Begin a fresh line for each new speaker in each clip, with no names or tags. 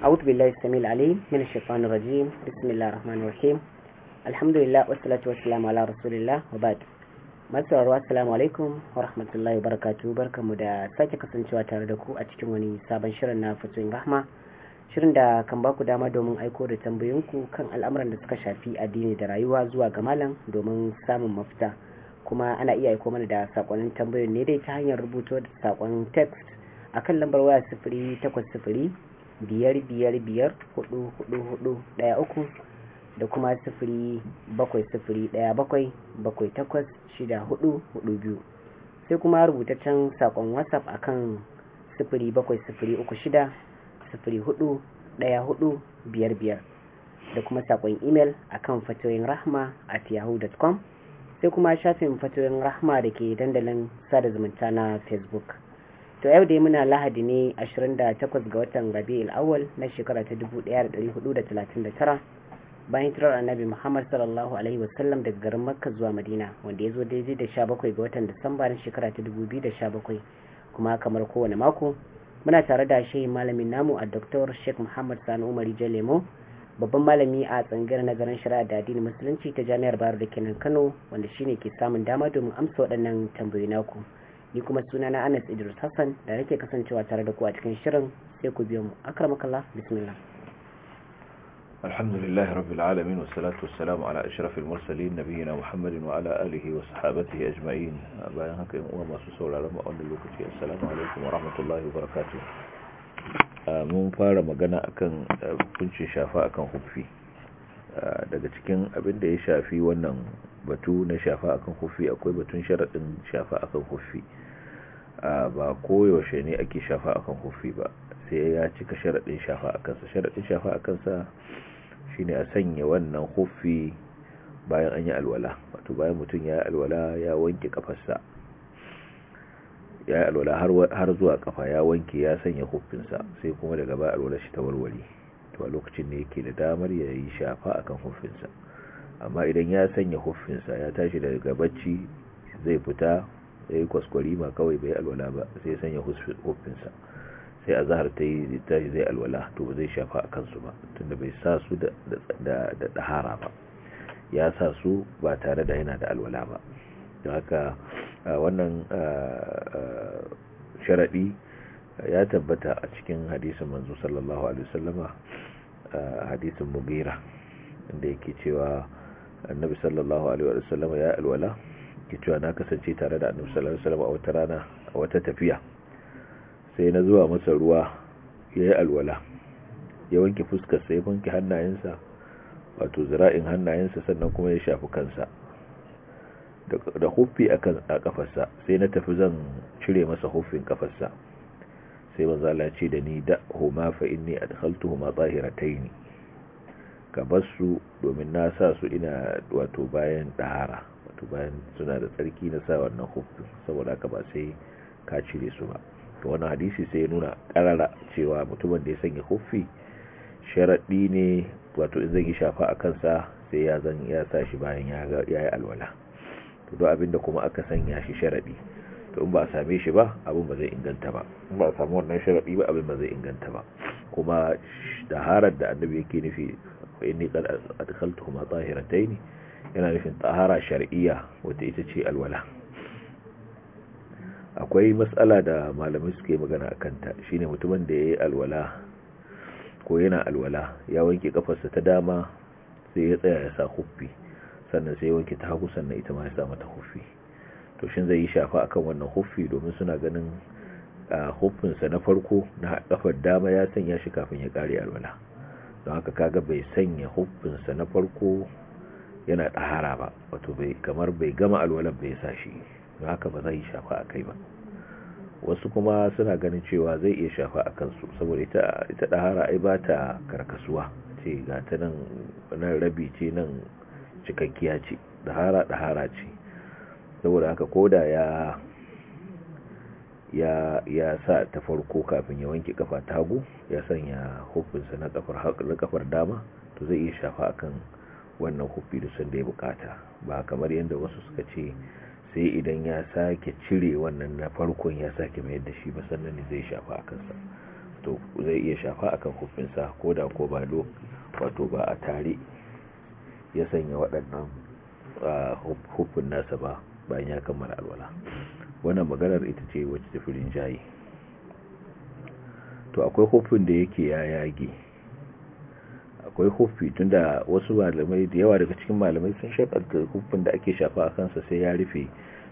أعوذ بالله السميع العليم من الشيطان الرجيم بسم الله الرحمن الرحيم الحمد لله والصلاة والسلام على رسول الله rahmatullahi wa barakatu barkamu da sake kasancewa tare da ku a cikin wani sabon shirin na fatoyin rahma shirin da kan baku dama domin aiko da tambayoyinku kan al'amuran da suka shafi addini da rayuwa zuwa ga malam domin samun mafita kuma ana iya aiko mana da sakonnin tambayoyin ne dai ta hanyar rubuto da sakon text akan lambar waya sifiri takwas sifiri biyar biyar biyar hudu hudu hudu daya uku da kuma sifiri bakwai sifiri daya bakwai bakwai takwas shida hudu hudu biyu sai kuma rubutaccen sakon whatsapp akan sifiri bakwai sifiri uku shida sifiri hudu daya hudu biyar biyar da kuma sakon imel akan fatoyin rahma at yahoo.com sai kuma shafin fatoyin rahma da ke dandalin sada zumunta na facebook to yau dai muna lahadi ne 28 ga watan rabi'ul awwal na shekara ta 1439 bayan turar annabi muhammad sallallahu alaihi wasallam daga garin makka zuwa madina wanda ya zo daidai da 17 ga watan disamba na shekara ta 2017 kuma kamar kowane mako muna tare da shehi malamin namu a dr sheikh muhammad sani umari jalemo babban malami a na garin shari'a da addinin musulunci ta jami'ar bayar da kenan kano wanda shine ke samun dama domin amsa waɗannan tambayoyi naku ni kuma sunana Anas Idris Hassan da yake kasancewa tare da ku a cikin shirin sai ku biyo mu akramakallah bismillah
alhamdulillahi rabbil alamin wa salatu wassalamu ala ashrafil mursalin nabiyina muhammadin wa ala alihi wa sahbatihi ajma'in bayan haka in masu sauraron mu a wannan lokaci assalamu alaikum wa rahmatullahi wa mun fara magana akan eh, kunci shafa akan hufi Ah, daga cikin abin da ya shafi wannan batu na shafa akan hufi akwai batun sharaɗin shafa akan hufi ah, ba koyaushe ne ake shafa akan hufi ba sai ya cika sharaɗin shafa akansa sharaɗin shafa kansa shine a sanya wannan hufi bayan an yi alwala wato bayan mutum ya yi alwala ya wanke kafarsa ya yi alwala har zuwa kafa ya wanke ya sanya hufinsa sai kuma daga ba alwala shi ta warware to a lokacin ne yake da damar ya yi shafa akan hufinsa amma idan ya sanya hufinsa ya tashi daga bacci zai fita sai kwaskwari ma kawai bai alwala ba sai sanya hufinsa sai a zahar ta yi tashi zai alwala to zai shafa a kansu ba tunda bai sa su da ɗahara ba ya sa su ba tare da yana da alwala ba don haka wannan sharaɗi ya tabbata a cikin hadisin manzo sallallahu alaihi wasallama hadisin mugira inda yake cewa annabi sallallahu alaihi wa sallam ya alwala ke cewa na kasance tare da annabi sallallahu alaihi wa a wata rana a wata tafiya sai na zuwa masa ruwa ya yi alwala ya wanke fuskar ya wanke hannayensa wato zira'in hannayensa sannan kuma ya shafi kansa da huffi a kafarsa sai na tafi zan cire masa huffin kafarsa sai manzala ce da ni da huma fa inni adkhaltuhuma zahiratayn ka basu domin na sa su ina wato bayan dahara wato bayan suna da tsarki na sa wannan hufin saboda ka ba sai ka cire su ba to wannan hadisi sai nuna karara cewa mutumin da ya sanya hufi sharadi ne wato in zai yi shafa a kansa sai ya zan ya sa shi bayan ya yi alwala to duk abinda kuma aka sanya shi sharadi to in ba a same shi ba abin ba zai inganta ba in ba a samu wannan sharaɗi ba abin ba zai inganta ba kuma taharar da annabi yake nufi inni qad adkhaltuhuma tahiratayn yana nufin tahara shar'iyya wata ita ce alwala akwai matsala da malamai suke magana a kanta shine mutumin da ya yi alwala ko yana alwala ya wanke kafarsa ta dama sai ya tsaya ya sa huffi sannan sai ya wanke ta hagu sannan ita ma ya sa mata huffi to shin zai yi shafa akan wannan huffi domin suna ganin huffinsa na farko na kafar dama ya sanya shi kafin ya kare alwala don haka kaga bai sanya huffinsa na farko yana ɗahara ba wato bai kamar bai gama alwalar bai sa shi don haka ba zai yi shafa a kai ba wasu kuma suna ganin cewa zai iya shafa a kansu saboda ita ɗahara ai ba ta karkasuwa ce ga ta nan rabi ce nan cikakkiya ce ɗahara ɗahara ce saboda haka koda ya ya ya sa ta farko kafin ya wanke kafa ta hagu ya sanya hufinsa na kafar haƙar kafar dama to zai iya shafa akan wannan hufi da sun da ya bukata ba kamar yadda wasu suka ce sai idan ya sake cire wannan na farkon ya sake mayar da shi ba sannan ne zai shafa a kansa to zai iya shafa a kan hufinsa ko da ko ba lo wato ba a tare ya sanya waɗannan ah, hufin nasa ba bayan ya kammala alwala wannan maganar ita ce wacce tafi rinjaye to akwai hufin da yake ya yage akwai hufi tunda wasu malamai da yawa daga cikin malamai sun shafarta hufin da ake shafa a kansa sai ya rufe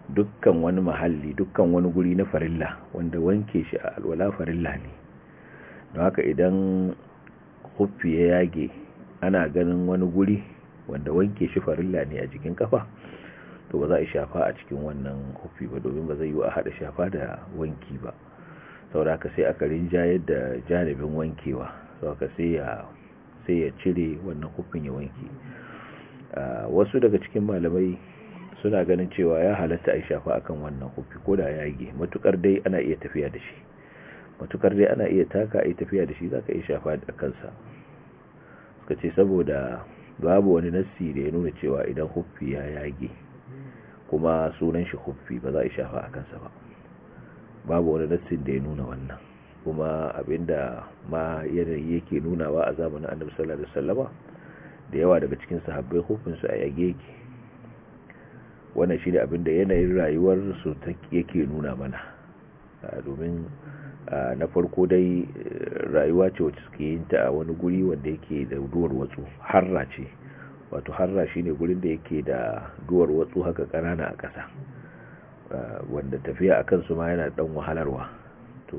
dukkan wani mahalli dukkan wani guri na farilla wanda wanke shi a alwala farilla ne don haka idan hufi ya yage ana ganin wani guri wanda wanke shi farilla ne a jikin kafa to ba za a shafa a cikin wannan hufi ba domin ba zai yi a haɗa shafa da wanki ba saboda haka sai aka rinja yadda janibin wankewa saboda sai ya sai ya cire wannan hufin ya wanki wasu daga cikin malamai suna ganin cewa ya halatta a shafa akan wannan hufi ko da ya yage matukar dai ana iya tafiya da shi matukar dai ana iya taka a tafiya da shi za ka iya shafa da kansa kace saboda babu wani nassi da ya nuna cewa idan hufi ya yage kuma sunan shi huffi ba za a shafa a kansa ba babu wani nassin da ya nuna wannan kuma abinda ma yanayi yake nunawa a zamanin annabi sallallahu alaihi wasallama da yawa daga cikin sahabbai hufin su a yage yake wannan shi ne abinda yanayin rayuwar su yake nuna mana domin na farko dai rayuwa ce wacce suke yin ta a wani guri wanda yake da duwar wasu harra ce wato harra shine gurin da yake da duwar watsu haka kanana a ƙasa uh, wanda tafiya a kansu ma yana ɗan wahalarwa to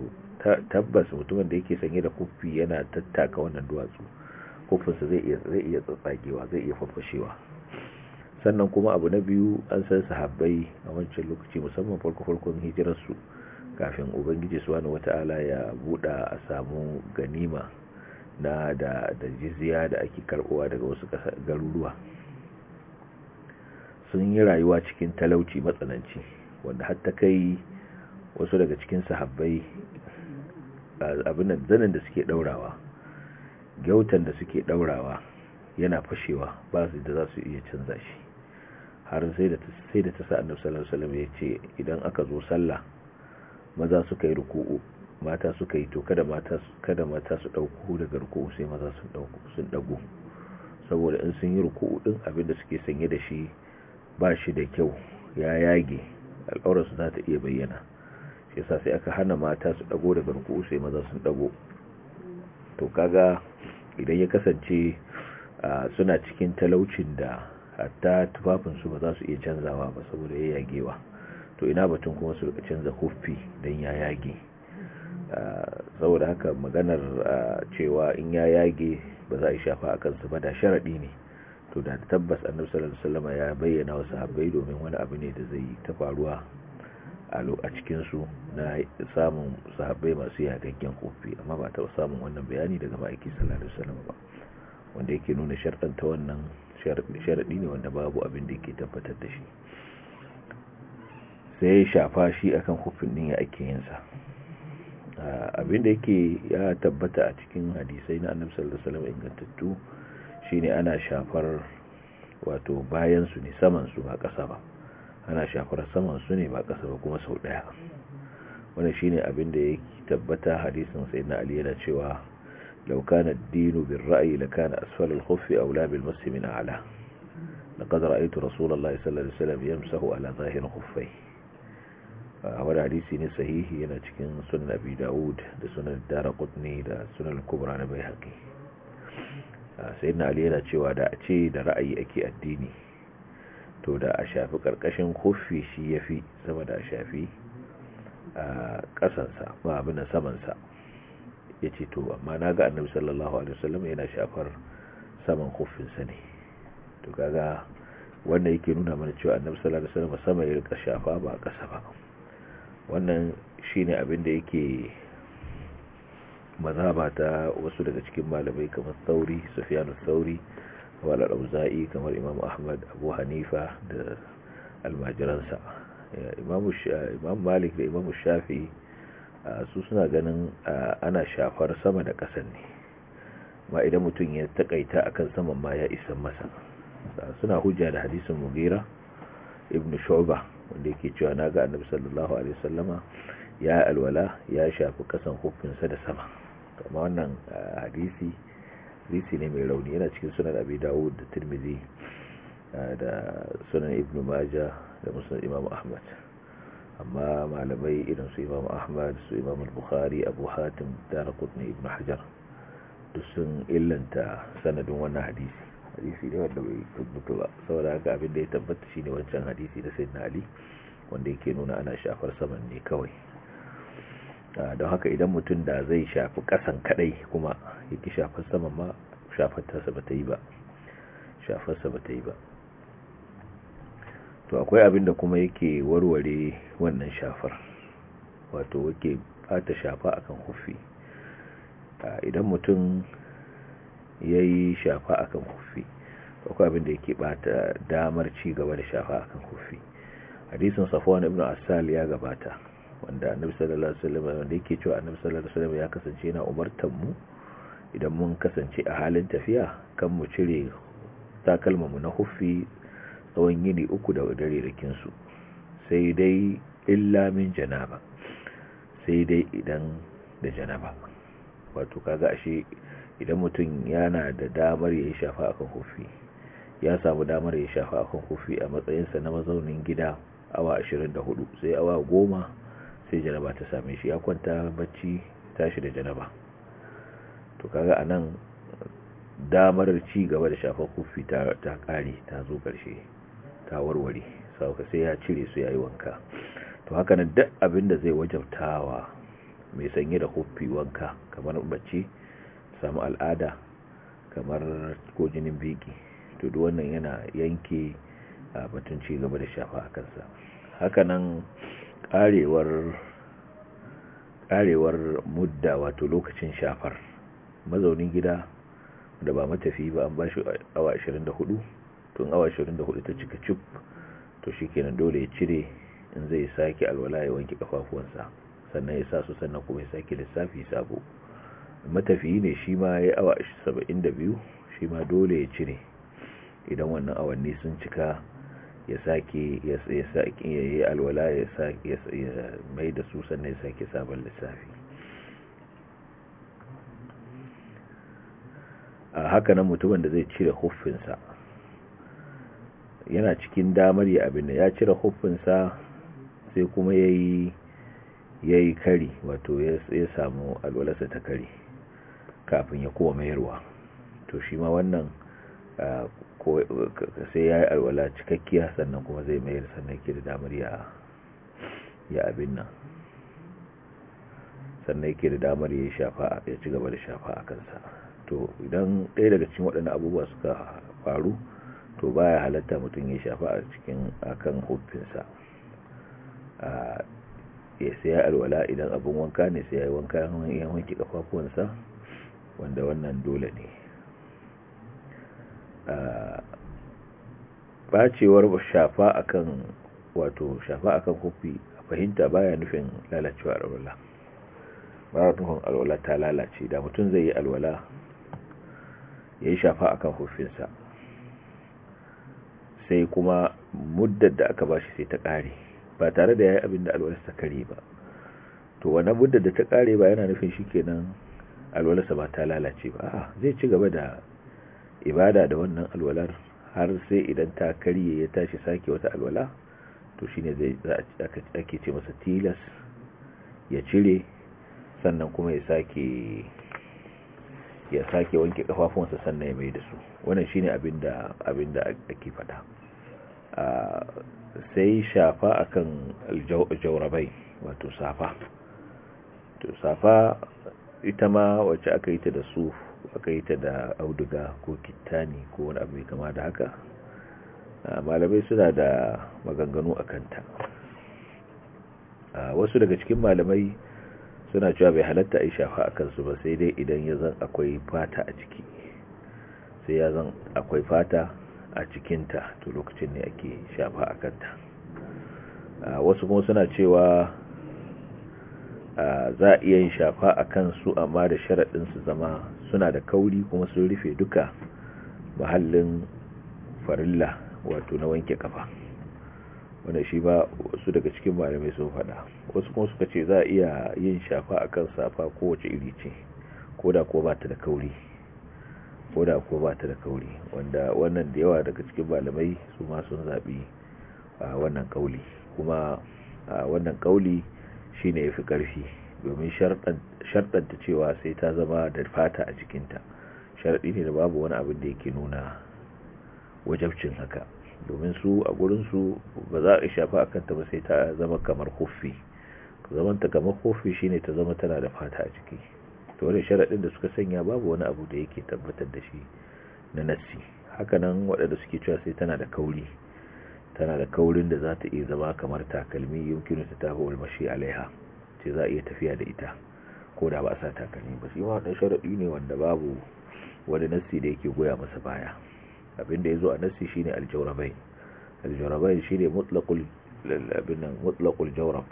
tabbas mutumin da yake sanye da kufi yana tattaka wannan duwatsu kuffinsa zai iya tsatsagewa zai iya farfashewa. sannan kuma abu na biyu an san sahabbai a wancan lokaci musamman farko farkon hijirarsu kafin ubangiji wata wata'ala ya buɗa a samu ganima na da da jizya da ake karbowa daga wasu garuruwa sun yi rayuwa cikin talauci matsananci wanda har ta kai wasu daga cikin sahabbai abin zanen da suke daurawa gyautan da suke daurawa yana fashewa ba su da za su iya canza shi har sai da ta sa annabi sallallahu ya ce idan aka zo sallah maza suka yi ruku'u mata suka yi to kada mata su ɗauko daga ruku'u sai maza sun dauko saboda in sun yi ruku ɗin abin da suke sanye da shi ba shi da kyau ya yage al'aurar su za ta iya bayyana shi yasa sai aka hana mata su dago daga ruku'u sai maza sun dago to kaga idan ya kasance suna cikin talaucin da hatta tufafinsu ba za su iya canzawa ba saboda ya yagewa to ina batun kuma su canza kofi don ya yage saboda haka maganar cewa in ya yage ba za a shafa a kansu ba da sharaɗi ne to da tabbas annabi sallallahu alaihi ya bayyana wasu habbai domin wani abu ne da zai ta faruwa a cikin su na samun sahabbai masu yagaggen kofi amma ba ta samun wannan bayani daga ma'aiki sallallahu alaihi ba wanda yake nuna sharɗan ta wannan sharaɗi ne wanda babu abin da yake tabbatar da shi sai ya shafa shi akan kofin din ya ake yin sa abinda yake ya tabbata a cikin hadisai na annabi sallallahu alaihi wasallam ingantattu shine ana shafar wato bayan su ne saman su ba ƙasa ba ana shafar saman su ne ba ƙasa ba kuma sau daya wannan shine abin da yake tabbata hadisin sayyidina ali yana cewa law kana ad-dinu bil ra'yi lakana asfal al-khuffi awla bil masjid min a'la laqad ra'aytu rasulullahi sallallahu alaihi wasallam yamsahu ala zahir khuffayhi wani hadisi ne sahihi yana cikin sunan abi dawud da sunan darqutni da sunan kubra na bai haƙi sai na ali yana cewa da a ce da ra'ayi ake addini to da a shafi ƙarƙashin kofi shi ya fi sama da a shafi a ƙasansa ba abin da samansa ya ce to amma na ga annabi sallallahu alaihi wasallam yana shafar saman kofinsa ne to kaga wanda yake nuna mana cewa annabi sallallahu alaihi wasallam sama ya rika shafa ba ƙasa ba wannan shine abin da yake mazhaba ta wasu daga cikin malamai kamar sauri sufiyanu sauri wal auza'i kamar imam ahmad abu hanifa da almajiransa imam malik da imam shafi su suna ganin ana shafar sama da ƙasan ne ma idan mutum ya taƙaita akan saman ma ya isan masa suna hujja da hadisin mugira ibn shu'ba wanda yake cewa na ga annabi sallallahu alaihi wasallama ya alwala ya shafi kasan hukunsa da sama kuma wannan hadisi hadisi ne mai rauni yana cikin sunan abi dawud da tirmidhi da sunan ibn majah da musnad imam ahmad amma malamai irin su imam ahmad su imam al-bukhari abu hatim darqutni ibn hajar duk sun illanta sanadin wannan hadisi hadisi ne wanda bai tabbata ba saboda haka abin da ya tabbata shine wancan hadisi da sayyidina ali wanda yake nuna ana shafar saman ne kawai don haka idan mutum da zai shafi kasan kadai kuma yake shafar saman ma shafar tasa bata yi ba shafar sa bata yi ba to akwai abin da kuma yake warware wannan shafar wato yake bata shafa akan hufi idan mutum yayi yi shafa akan kufi akwai abin da yake bata damar ci gaba da shafa a akan kufi hadisin safwan ibn asal ya gabata wanda annabi sallallahu alaihi wanda yake cewa annabi sallallahu alaihi wasallam ya kasance yana umartar mu idan mun kasance a halin tafiya kan mu cire takalmamu na hufi tsawon yini uku da dare da su sai dai illa min janaba sai dai idan da janaba wato kaga ashe idan mutum yana da damar ya yi shafa a kan kufi ya samu damar ya shafa a kan kufi a matsayinsa na mazaunin gida awa 24 sai awa 10 sai jaraba ta same shi ya kwanta bacci tashi da jaraba to kaga a nan damar ci gaba da shafa kufi ta kare ta zo karshe ta warware sauka sai ya cire su ya yi wanka to haka na duk abin da zai wajabtawa mai sanye da kufi wanka kamar bacci samu al'ada kamar ko jinin biki to duk wannan yana yanke a ah, batun ci gaba da shafa a kansa hakanan karewar karewar mudda wato lokacin shafar mazaunin gida da ba matafi ba an ba shi awa 24 tun awa 24 ta cika cip to shikenan dole ya cire in zai sake alwala ya wanke kafafuwansa sannan ya sa su sannan kuma ya sake lissafi sabo matafiyi ne shi ma ya awa 72 shi ma dole ya cire idan wannan awanni sun cika ya sake ya yi alwala ya mai da su sannan ya sake sabon lissafi a haka nan mutumin da zai cire huffinsa yana cikin damar ya abin ya cire huffinsa sai kuma ya yi kari wato ya samu alwalarsa ta kari kafin ya kowa mayarwa to shi ma wannan sai ya yi alwala cikakkiya sannan kuma zai mayar sannan ke da damar ya abin nan sannan ke da damar ya ci gaba da shafa a kansa to idan ɗaya daga cikin waɗannan abubuwa suka faru to baya halatta mutum ya shafa a cikin akan hufinsa ya sai alwala idan abin wanka ne sai ya yi wanka yan wanke kafafuwansa wanda wannan dole ne bacewar shafa akan wato shafa akan kofi a fahimta baya nufin lalacewa alwala ba nufin alwala ta lalace da mutum zai yi alwala ya yi shafa akan kofinsa sai kuma muddar da aka bashi sai ta ƙare ba tare da ya yi abin da alwalarsa kare ba to wannan muddar da ta ƙare ba yana nufin shi kenan alwalarsa ba ta lalace ba a zai ci gaba da ibada da wannan alwalar har sai idan ta karye ya tashi sake wata alwala to shine zai ake ce masa tilas ya cire sannan kuma ya sake ya sake wanke kafafunsa sannan ya mai da su wannan shine abin da ake faɗa sai shafa akan aljawrabai wato safa to safa ita ma wacce aka yi ta da su aka yi ta da auduga ko kitani ko wani abu mai kama da haka malamai suna da maganganu a kanta wasu daga cikin malamai suna cewa bai halatta a yi shafa a kansu ba sai dai idan ya zan akwai fata a ciki sai ya zan akwai fata a cikinta to lokacin ne ake shafa a kanta wasu kuma suna cewa za a iya yin shafa a kansu amma da sharaɗin su zama suna da kauri kuma sun rufe duka mahallin farilla wato na wanke kafa wanda shi ba wasu daga cikin malamai sun faɗa wasu kuma suka ce za a iya yin shafa a kan safa kowace iri ce ko da ko ba ta da kauri ko da ko ba ta da kauri wanda wannan da yawa daga cikin malamai su ma sun zaɓi wannan kauli kuma wannan kauli shine yafi ƙarfi domin sharɗanta cewa sai ta zama da fata a jikinta sharɗi ne da babu wani abin da yake nuna wajabcin haka domin su a gurinsu ba za a shafa a kanta ba sai ta zama kamar kofi zamanta kamar kofi shine ta zama tana da fata a ciki to wani sharaɗin da suka sanya babu wani abu da yake tabbatar da shi na nassi hakanan waɗanda suke cewa sai tana da kauri tana da kaurin da za ta iya zama kamar takalmi yumkinu ta tafi walmashi alaiha ce za a iya tafiya da ita ko da ba a sa takalmi ba shi ma sharaɗi ne wanda babu wani nassi da yake goya masa baya abinda ya zo a nassi shine ne aljaurabai aljaurabai shi ne mutlaƙul jaurab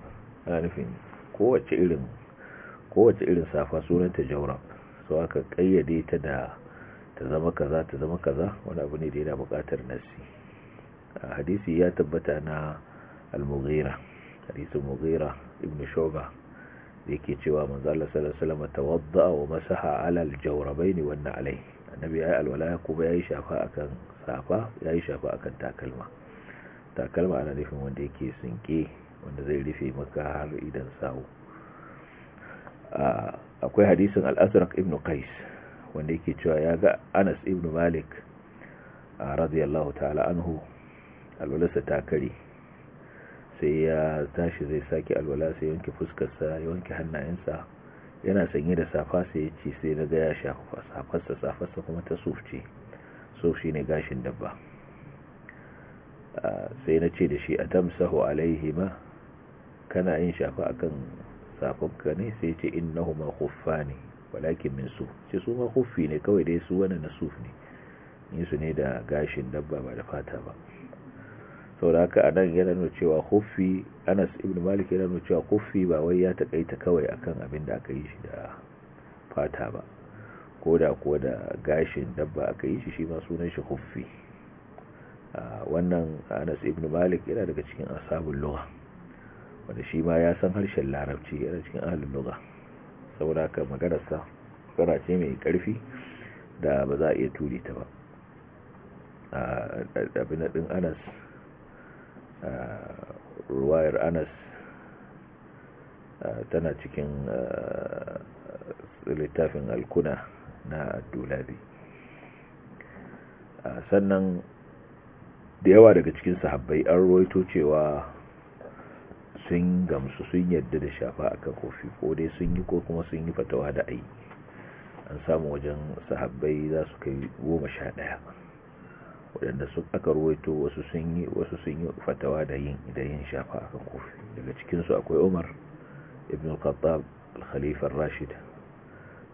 ana nufin kowace irin irin safa sunanta jawrab so aka kayyade ta da ta zama kaza ta zama kaza wani abu ne da yana buƙatar nassi hadisi ya tabbata na al-mughira hadisin mughira ibn shuba yake cewa manzo Allah sallallahu alaihi wasallam tawadda wa masaha ala al-jawrabayn wa an-na'layn annabi yayi alwala kuma yayi shafa akan safa shafa akan takalma takalma ana nufin wanda yake sinke wanda zai rufe maka har idan sawu akwai hadisin al-azraq ibn qais wanda yake cewa ya ga Anas ibn Malik radiyallahu ta'ala anhu alwalarsa ta kare sai ya tashi zai sake alwala sai yanke fuskarsa ya wanke hannayensa yana sanye da safa sai ya ce sai na gaya ya shafa safarsa safarsa kuma ta suf ce suf shi ne gashin dabba ah, sai na ce da shi a saho alaihi ma kana yin shafa a akan safanka ne sai ce na huma kuffa ne walakin min su ce su ma kuffi ne kawai dai su wani na suf ne yin su ne da gashin dabba ba da fata ba saboda haka a nan yana nuna cewa hufi anas ibn malik yana nuna cewa huffi ba wai ya takaita kawai akan abin da aka yi shi da fata ba ko da kuwa da gashin dabba aka yi shi shi ma sunan shi huffi wannan anas ibn malik yana daga cikin asabul lugha wanda shi ma ya san harshen larabci yana cikin ahlul lugha saboda haka maganarsa ce mai karfi da ba za a iya ture ta ba abin din anas Uh, ruwayar anas uh, tana cikin uh, littafin alkuna na dulabi sannan da yawa daga cikin sahabbai an ruwaito cewa sun gamsu sun yadda da shafa akan kofi ko dai sun yi ko kuma sun yi fatawa da ai an samu wajen sahabbai za su kai goma sha ɗaya waɗanda su aka ruwaito wasu sun yi wasu sun yi fatawa da yin da yin shafa akan kofi daga cikin su akwai Umar ibn al-Khattab al-Khalifa ar-Rashid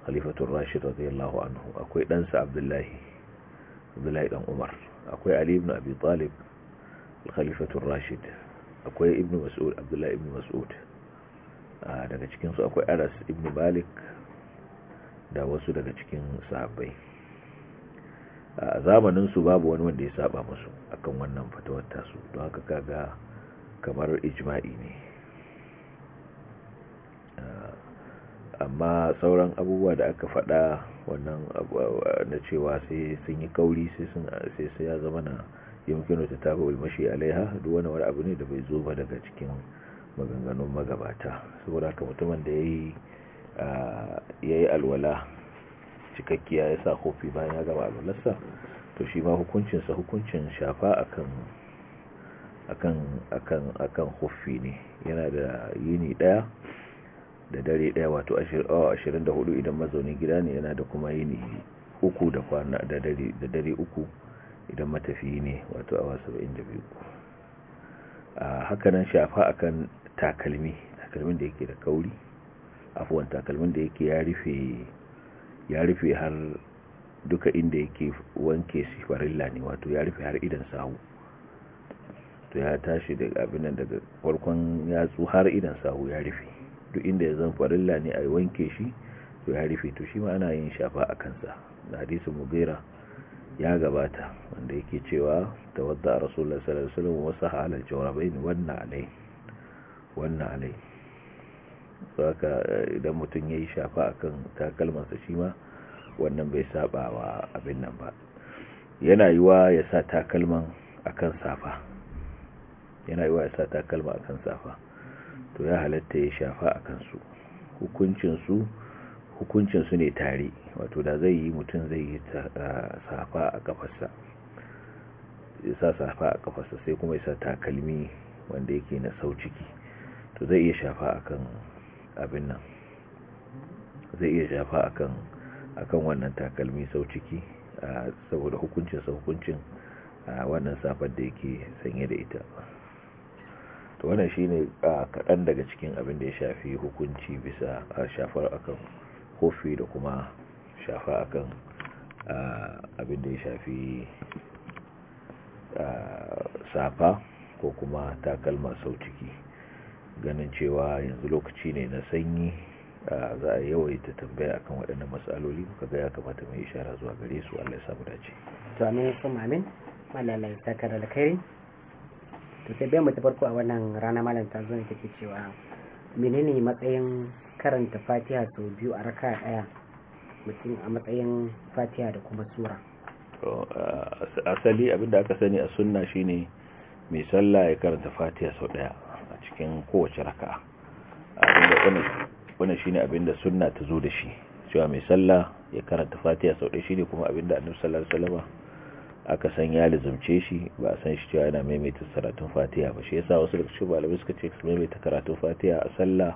Khalifatu ar-Rashid radiyallahu anhu akwai dan sa Abdullah Abdullah dan Umar akwai Ali ibn Abi Talib al-Khalifatu ar-Rashid akwai Ibn Mas'ud Abdullah ibn Mas'ud daga cikin su akwai Aras ibn Malik da wasu daga cikin sahabbai a zamanin su babu wani wanda ya saba musu akan wannan fatawar tasu don haka ga kamar ijma'i ne amma sauran abubuwa da aka fada wannan na cewa sai sun yi kauri sai sai ya zama na yamkinu ta tafi ulmashi alaiha duk wani wani abu ne da bai zo ba daga cikin maganganun magabata saboda haka mutumin da ya yi alwala cikakkiya ya sa kofi bayan ya gaba alwalarsa to shi ma hukuncinsa hukuncin shafa akan akan akan akan kofi ne yana da yini daya da dare daya wato 24 idan mazaunin gida ne yana da kuma yini uku da kwana da dare da dare uku idan matafiyi ne wato awa 72 a hakanan shafa akan takalmi takalmin da yake da kauri afuwan takalmin da yake ya rufe ya rufe har duka inda yake wanke shi farilla ne wato ya rufe har idan sahu to ya tashi daga abinan daga farkon yatsu har idan sahu ya rufe duk inda ya zan farilla ne a wanke shi to ya rufe to shi ma ana yin shafa a kansa da hadisi ya gabata wanda yake cewa tawadda rasulullah sallallahu alaihi wasallam wasa halal jawrabain wannan alai wannan alai saka eh, idan mutum ya yi shafa a kan takalmansa shi ma wannan bai saba wa abin nan ba yana yi wa ya sa takalman a kan safa yana yi wa ya sa takalma a kan safa to ya halatta ya shafa a kansu hukuncinsu hukuncinsu ne tare wato da zai yi mutum zai yi eh, safa a kafarsa ya sa safa a kafarsa sai kuma ya sa takalmi wanda yake na sau ciki to zai iya shafa akan abin nan zai iya shafa akan akan wannan takalmi sau ciki saboda hukuncin sau hukuncin wannan safar da yake sanye da ita to wannan shine kaɗan daga cikin abin da ya shafi hukunci bisa shafar akan kofi da kuma shafa akan abin da ya shafi safa ko kuma takalma sau ciki ganin cewa yanzu lokaci ne na sanyi za a yawaita tambaya akan waɗannan matsaloli ka ga ya kamata mai ishara zuwa gare su Allah ya samu dace to amin su mamin malalai saka da alkhairi
to sai bayan mu ta farko a wannan rana malam ta zo ne take cewa menene matsayin karanta fatiha sau biyu a raka daya mutum a matsayin fatiha da kuma sura
asali abinda aka sani a sunna shine mai sallah ya karanta fatiha sau daya cikin kowace raka'a wannan shine abinda sunna ta zo da shi cewa mai sallah ya karanta fatiha sau shi ne kuma abinda annabi sallallahu alaihi aka san ya lizumce shi ba a san shi cewa yana maimaita saratun fatiha ba shi yasa wasu lokacin malamai suka ce su maimaita karatun fatiha a sallah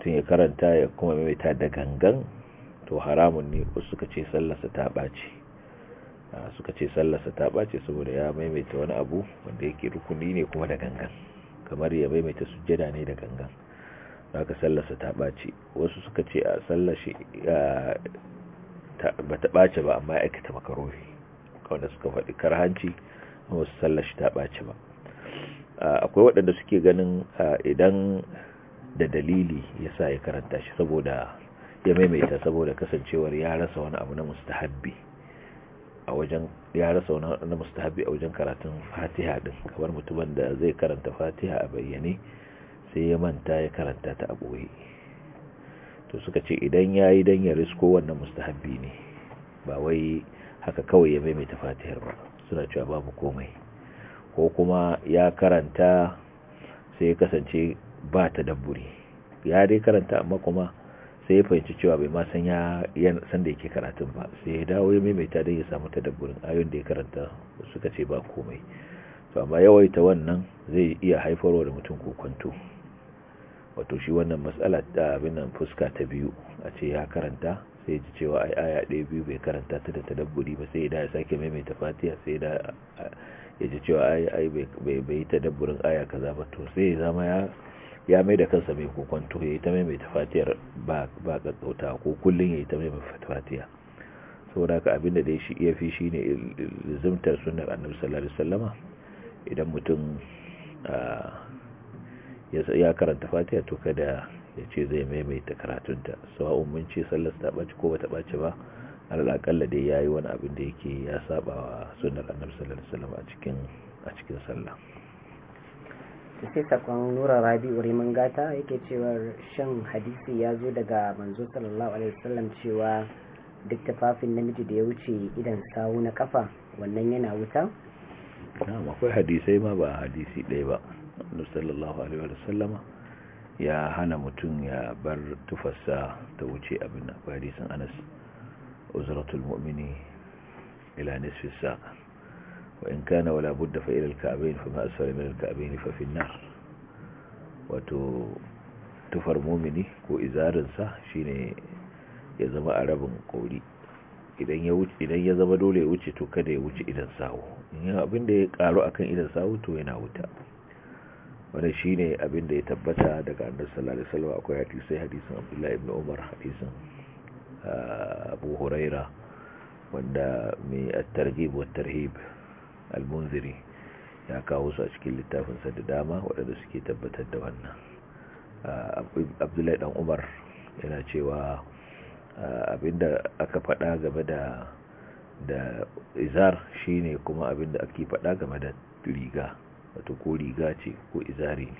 tun ya karanta ya kuma maimaita da gangan to haramun ne wasu suka ce sallarsa ta ɓaci suka ce sallarsa ta bace saboda ya maimaita wani abu wanda yake rukuni ne kuma da gangan kamar ya maimaita sujjada ne da gangan haka sallarsa ta ɓace wasu suka ce a sallashi ba ta ɓace ba amma ya aikata makarohi wanda suka faɗi karhanci wasu sallashi ta ɓace ba akwai waɗanda suke ganin idan da dalili ya sa ya karanta shi saboda ya maimaita saboda kasancewar ya rasa wani abu na mustahabbi a wajen ya rasa wani mustahabi a wajen karatun fatiha din kamar mutumin da zai karanta fatiha a bayyane sai ya manta ya karanta ta a boye to suka ce idan ya yi don ya risko wannan mustahabi ne ba wai haka kawai ya maimaita fatihar ba suna cewa babu komai ko kuma ya karanta sai ya kasance ba ta dabburi ya dai karanta amma kuma sai ya fahimci cewa bai ma san ya san da yake karatun ba sai ya dawo ya maimaita don ya samu tadabburin ayoyin da ya karanta suka ce ba komai to amma yawaita wannan zai iya haifarwa da mutum ko kwanto wato shi wannan matsala ta abin fuska ta biyu a ce ya karanta sai ji cewa ai aya ɗaya biyu bai karanta ta da tadabburi ba sai da ya sake maimaita fatiha sai da ya ji cewa ai ai bai ta tadabburin aya kaza ba to sai ya zama ya ya mai da kansa mai kokonto ya yi ta mai tafatiyar ba ƙaƙƙauta ko kullum ya yi ta mai fatiya saboda haka abinda da shi iya fi shi ne zimtar sunan annabi sallallahu alaihi idan mutum ya karanta fatiya to kada ya ce zai maimaita karatunta sawa'un mun ce sallar ta ɓaci ko bata ɓaci ba alaƙalla dai ya yi wani abin da yake ya saba wa sunan annabi sallallahu a cikin sallah
sai sakon nura rabi'u riman gata yake cewa shan hadisi ya zo daga manzo sallallahu alaihi wasallam cewa duk tafafin namiji da ya wuce idan sawu na kafa wannan yana wuta
na akwai hadisai ma ba hadisi ɗaya ba manzo sallallahu alaihi wasallam ya hana mutum ya bar tufarsa ta wuce abin akwai hadisin anas uzratul mu'mini ila nisfi sa'a وإن كان ولا بد فإلى الكعبين فما أسفل من الكعبين ففي النار wato tufar mumini ko izarinsa shine ya zama a rabin idan ya wuce idan ya zama dole ya wuce to kada ya wuce idan sawo in abin da ya karu akan idan sawo to yana wuta wannan shine abin da ya tabbata daga annabi sallallahu alaihi wasallam akwai hadisi hadisin Abdullah ibn Umar hadisin Abu Huraira wanda mai at-targhib wa at tarhib al ya kawo su a cikin littafinsa da dama waɗanda suke tabbatar da wannan ah, abdullahi dan umar yana cewa ah, abinda aka faɗa game da da izar shine kuma abinda ake faɗa game da riga wato ko riga ce ko izari ne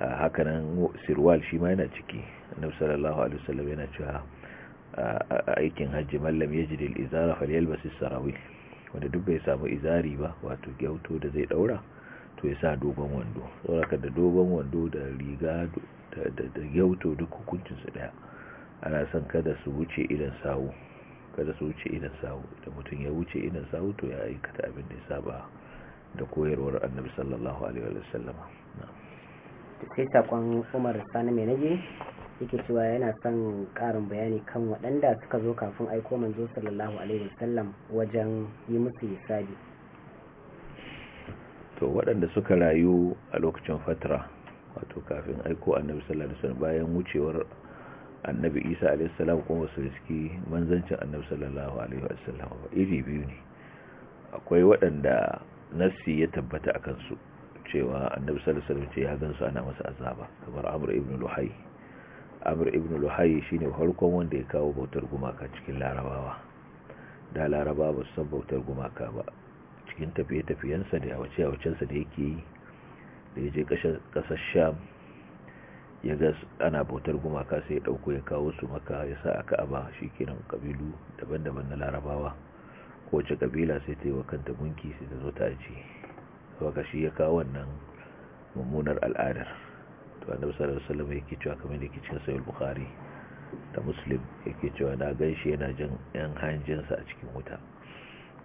ah, hakanan sirwal shi ma yana ciki annabi sallallahu alaihi wasallam yana cewa aikin hajji mallam yajri al-izara falyalbas as-sarawil wanda duk bai samu izari ba wato gyauto da zai daura to ya sa dogon wando sauraka da dogon wando da riga da gyauto duk hukuncinsu daya ana san kada su wuce idan sawu kada su wuce idan sawu da mutum ya wuce idan sawu to ya aikata abin da ya saba da koyarwar annabi sallallahu alaihi wa sallama
sai sakon umar sani mai naje yake cewa yana son ƙarin bayani kan waɗanda suka zo kafin aiko manzo sallallahu alaihi wasallam wajen yi musu hisabi
to waɗanda suka rayu a lokacin fatara wato kafin aiko annabi sallallahu alaihi wasallam bayan wucewar annabi isa alaihi salam kuma su riski manzancin annabi sallallahu alaihi wasallam iri biyu ne akwai waɗanda nassi ya tabbata akan su cewa annabi sallallahu alaihi wasallam ce ya gansu ana masa azaba kamar amr ibn luhai amir ibn luhayi shine farkon wanda ya kawo bautar gumaka cikin larabawa da larabawa ba su san bautar gumaka ba cikin tafiye-tafiyensa da yawace-yawacensa da yake yi da ya je ƙasar sham ya ga ana bautar gumaka sai ya ɗauko ya kawo su maka ya sa aka aba shi kiran ƙabilu daban-daban na larabawa kowace ƙabila sai ta yi wa kanta gunki sai ta zo ta aji shi ya kawo wannan mummunar al'adar annabi sallallahu alaihi wasallam yake cewa kamar da yake cikin sahih bukhari da muslim yake cewa na ganshi yana jin yan hanjinsa a cikin wuta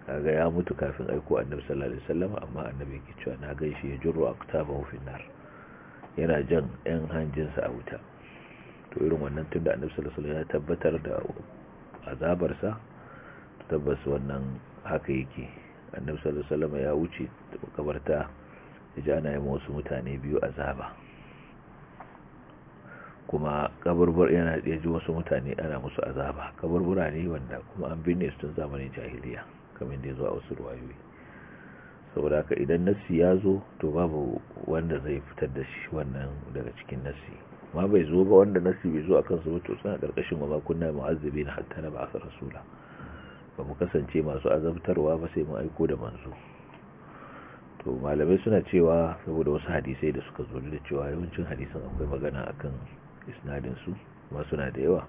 kaga ya mutu kafin aiko annabi sallallahu alaihi wasallam amma annabi yake cewa na ganshi ya jurru aktabahu fi nar yana jan yan hanjinsa a wuta to irin wannan tunda annabi sallallahu alaihi wasallam ya tabbatar da azabarsa tabbas wannan haka yake annabi sallallahu alaihi wasallam ya wuce kabarta ya ji ana yi wasu mutane biyu azaba kuma kaburbur yana da ji wasu mutane ana musu azaba kaburbura ne wanda kuma an binne su tun zamanin jahiliya kamar da ya zo a wasu ruwayoyi saboda haka idan nasi ya zo to babu wanda zai fitar da shi wannan daga cikin nasi ma bai zo ba wanda nasi bai zo a kansu ba to suna ƙarƙashin wa kunna mu'azzabi na hatta na ba'ath rasula ba mu kasance masu azabtarwa ba sai mu aiko da manzo to malamai suna cewa saboda wasu hadisai da suka zo da cewa yawancin hadisan akwai magana akan isnadinsu ma suna da yawa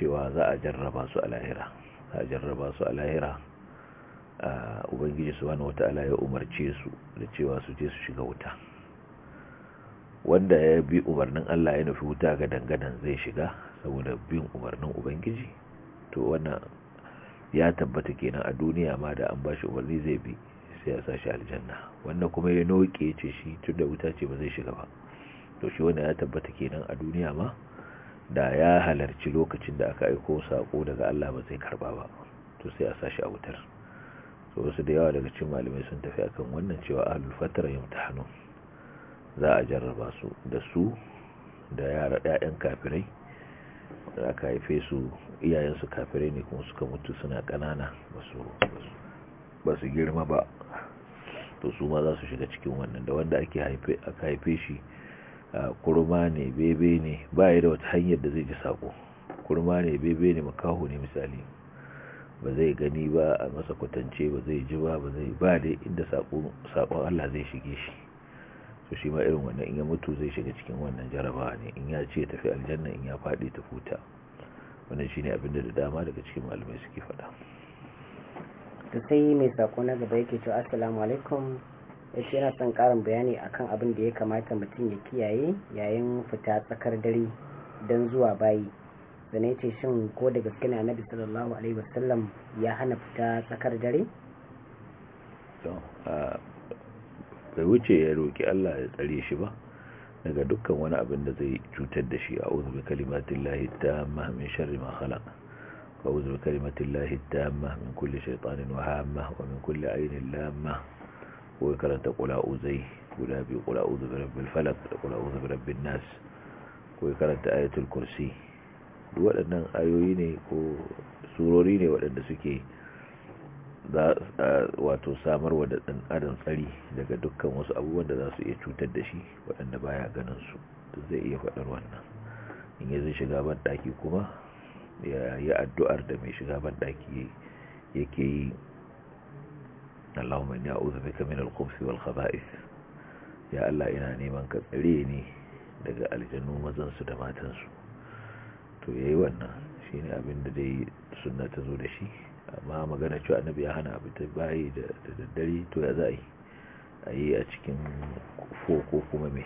cewa za a jarraba su a lahira za a jarraba su a lahira a ubangiji su wani ala ya umarce su da cewa su je su shiga wuta wanda ya bi umarnin Allah ya nufi wuta ga dangadan zai shiga saboda bin umarnin ubangiji to wannan ya tabbata kenan a duniya ma da an bashi umarni zai bi sai ya sashi aljanna wanda kuma ya noke ce shi tun da wuta ce ba zai shiga ba to shi wanda ya tabbata kenan a duniya ma da ya halarci lokacin da aka aiko sako daga Allah ba zai karba ba to sai a sashi a wutar to wasu da yawa daga cikin malamai sun tafi akan wannan cewa ahlul fatra yumtahanu za a jarraba su da su da yara ɗayan kafirai da aka haife su iyayensu kafirai ne kuma suka mutu suna kanana ba su girma ba to su ma za su shiga cikin wannan da wanda aka haife shi kurma ne bebe ne ba ya da wata hanyar da zai ji sako kurma ne bebe ne makaho ne misali ba zai gani ba a masa kwatance ba zai ji ba ba zai ba da inda sakon Allah zai shige shi to shi ma irin wannan in ya mutu zai shiga cikin wannan jarabawa ne in ya ce tafi aljanna in ya faɗi ta futa wannan shine abin da da dama daga cikin malamai suke faɗa
to sai mai sako na gaba yake cewa assalamu alaikum shi yana son karin bayani akan abin da ya kamata mutum ya kiyaye yayin fita tsakar dare don zuwa bayi zane ce shin ko da gaske ne annabi sallallahu alaihi wasallam ya hana fita tsakar dare
bai wuce ya roki Allah ya tsare shi ba daga dukkan wani abin da zai cutar da shi a uzu bi kalimatin lahi tamma min sharri ma khalaq wa uzu bi kalimatin lahi tamma min kulli wahama wa hamma wa min kulle ainihin lamma ko ya karanta kula uzai guda biyu kula uzu bi rabbil da kula uzu bi rabbin nas ko ya karanta ayatul kursi duk waɗannan ayoyi ne ko surori ne waɗanda suke za wato samarwa da ɗan adam tsari daga dukkan wasu abubuwan da za su iya cutar da shi waɗanda ba ya ganin su zai iya faɗar wannan in ya shiga ban ɗaki kuma ya yi addu'ar da mai shiga ban ɗaki yake yi اللهم ya أعوذ بك من الخبث والخبائث يا الله إنا نيمان كتريني daga aljannu mazansu da matansu to yayi wannan shine abin da dai sunna ta zo da shi amma magana cewa annabi ya hana abu ta bayi da daddare to ya za a yi a cikin ko ko kuma me